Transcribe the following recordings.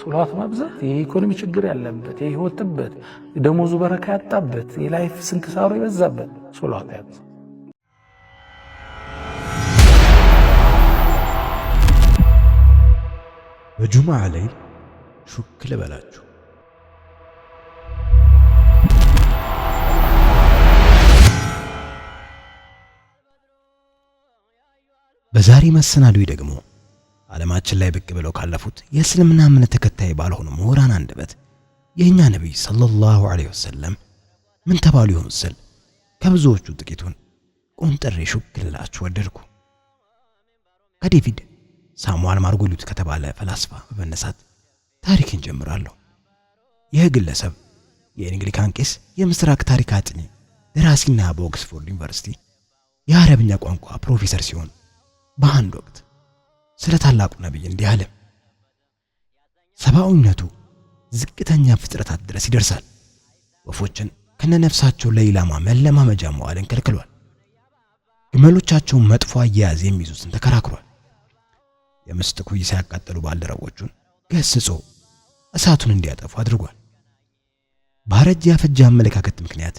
ሶላት ማብዛት የኢኮኖሚ ችግር ያለበት የህይወት ጥበት ደሞዙ በረካ ያጣበት የላይፍ ስንክሳሩ የበዛበት ሶላት ያብዛ። በጁምዓ ላይ ሹክ ልበላችሁ። በዛሬ መሰናዶ ደግሞ ዓለማችን ላይ ብቅ ብለው ካለፉት የእስልምና እምነት ተከታይ ባልሆኑ ምሁራን አንደበት የእኛ ነቢይ ሰለላሁ ዐለይሂ ወሰለም ምን ተባሉ ይሆን ስል ከብዙዎቹ ጥቂቱን ቆንጥሬ ሹክ ልላችሁ ወደድኩ። ከዴቪድ ሳሙኤል ማርጎሊት ከተባለ ፈላስፋ በመነሳት ታሪክን ጀምራለሁ። ይህ ግለሰብ የእንግሊካን ቄስ፣ የምስራቅ ታሪክ አጥኚ፣ ደራሲና በኦክስፎርድ ዩኒቨርሲቲ የአረብኛ ቋንቋ ፕሮፌሰር ሲሆን በአንድ ወቅት ስለ ታላቁ ነቢይ እንዲህ አለ። ሰብአዊነቱ ዝቅተኛ ፍጥረታት ድረስ ይደርሳል። ወፎችን ከነነፍሳቸው ለኢላማ መለማመጃ መዋልን ከልክሏል። ግመሎቻቸውን መጥፎ አያያዝ የሚይዙትን ተከራክሯል። የምስጥ ኩይ ሲያቃጥሉ ባልደረቦቹን ገስጾ እሳቱን እንዲያጠፉ አድርጓል። ባረጀ ያፈጀ አመለካከት ምክንያት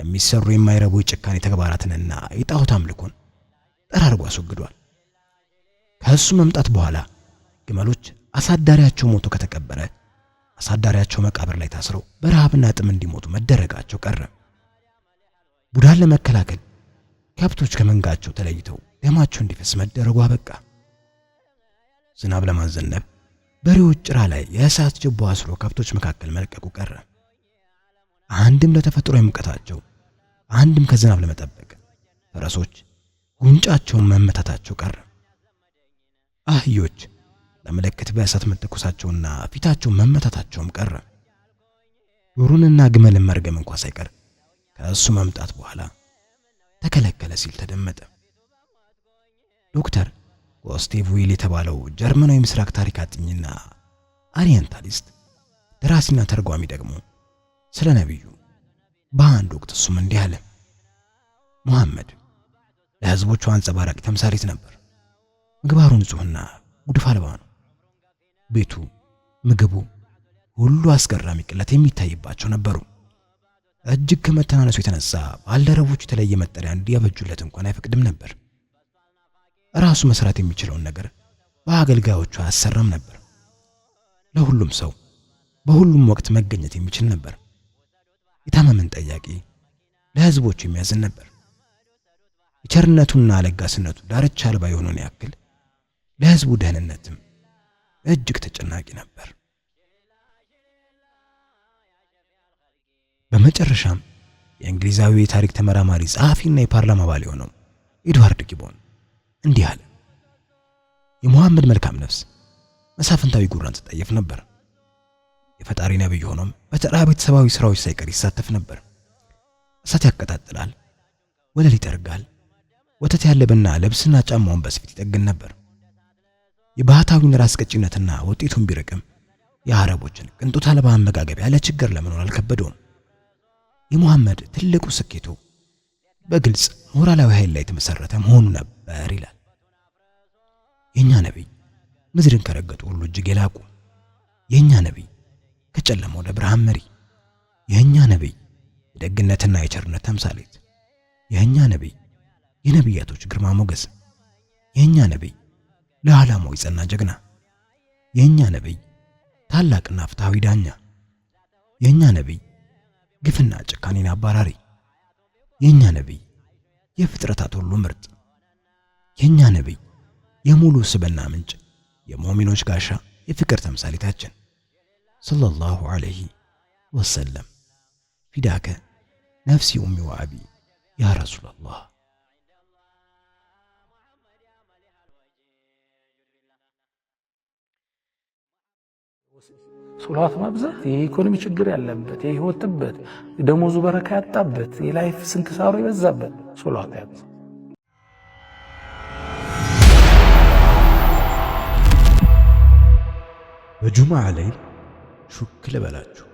የሚሰሩ የማይረቡ የጭካኔ ተግባራትንና የጣዖት አምልኮን ጠራርጎ አስወግዷል። ከእሱ መምጣት በኋላ ግመሎች አሳዳሪያቸው ሞቶ ከተቀበረ አሳዳሪያቸው መቃብር ላይ ታስረው በረሃብና ጥም እንዲሞቱ መደረጋቸው ቀረ። ቡዳን ለመከላከል ከብቶች ከመንጋቸው ተለይተው ደማቸው እንዲፈስ መደረጉ አበቃ። ዝናብ ለማዘነብ በሬዎች ጭራ ላይ የእሳት ችቦ አስሮ ከብቶች መካከል መልቀቁ ቀረ። አንድም ለተፈጥሮ የሙቀታቸው አንድም ከዝናብ ለመጠበቅ ፈረሶች ጉንጫቸውን መመታታቸው ቀረ። አህዮች ለምልክት በእሳት መተኮሳቸውና ፊታቸው መመታታቸውም ቀረ። ዶሮንና ግመልን መርገም እንኳ ሳይቀር ከእሱ መምጣት በኋላ ተከለከለ ሲል ተደመጠ። ዶክተር ጎስቴቭ ዊል የተባለው ጀርመናዊ ምስራቅ ታሪክ አጥኚና ኦሪየንታሊስት ደራሲና ተርጓሚ ደግሞ ስለ ነቢዩ በአንድ ወቅት እሱም እንዲህ አለ። መሐመድ ለሕዝቦቹ አንጸባራቂ ተምሳሌት ነበር። ምግባሩ ንጹህና ጉድፍ አልባ ነው። ቤቱ፣ ምግቡ ሁሉ አስገራሚ ቅለት የሚታይባቸው ነበሩ። እጅግ ከመተናነሱ የተነሳ ባልደረቦቹ የተለየ መጠሪያ እንዲያበጁለት እንኳን አይፈቅድም ነበር። ራሱ መስራት የሚችለውን ነገር በአገልጋዮቹ አያሰራም ነበር። ለሁሉም ሰው በሁሉም ወቅት መገኘት የሚችል ነበር። የታመመን ጠያቂ፣ ለህዝቦቹ የሚያዝን ነበር። የቸርነቱና ለጋስነቱ ዳርቻ አልባ የሆነውን ያክል ለሕዝቡ ደህንነትም እጅግ ተጨናቂ ነበር። በመጨረሻም የእንግሊዛዊ የታሪክ ተመራማሪ ጸሐፊና የፓርላማ አባል የሆነው ኤድዋርድ ጊቦን እንዲህ አለ። የሙሐመድ መልካም ነፍስ መሳፍንታዊ ጉራን ትጠየፍ ነበር። የፈጣሪ ነብይ ሆኖም በተራ ቤተሰባዊ ስራዎች ሳይቀር ይሳተፍ ነበር። እሳት ያቀጣጥላል፣ ወለል ይጠርጋል፣ ወተት ያለብና ልብስና ጫማውን በስፊት ይጠግን ነበር። የባህታዊን ራስ ቀጭነትና ውጤቱን ቢርቅም የአረቦችን ቅንጦት አልባ አመጋገብ ያለ ችግር ለመኖር አልከበደውም። የሙሐመድ ትልቁ ስኬቱ በግልጽ ሞራላዊ ኃይል ላይ የተመሰረተ መሆኑ ነበር ይላል። የኛ ነቢይ ምድርን ከረገጡ ሁሉ እጅግ የላቁ የኛ ነቢይ ከጨለማ ወደ ብርሃን መሪ፣ የኛ ነቢይ የደግነትና የቸርነት ተምሳሌት፣ የኛ ነቢይ የነቢያቶች ግርማ ሞገስ፣ የኛ ነቢይ ለዓላማው የጸና ጀግና፣ የእኛ ነቢይ፣ ታላቅና ፍትሐዊ ዳኛ፣ የእኛ ነቢይ፣ ግፍና ጭካኔን አባራሪ፣ የእኛ ነቢይ፣ የፍጥረታት ሁሉ ምርጥ፣ የእኛ ነቢይ፣ የሙሉ ስብና ምንጭ፣ የሙእሚኖች ጋሻ፣ የፍቅር ተምሳሌታችን ሰለላሁ ዐለይሂ ወሰለም ፊዳከ ነፍሲ ኡሚ ወአቢ ያ ረሱላላህ ሶላት ማብዛት የኢኮኖሚ ችግር ያለበት የህይወትበት ደሞዙ በረካ ያጣበት የላይፍ ስንክሳሩ የበዛበት ሶላት ያብዛ። በጁማ ላይ ሹክ ልበላችሁ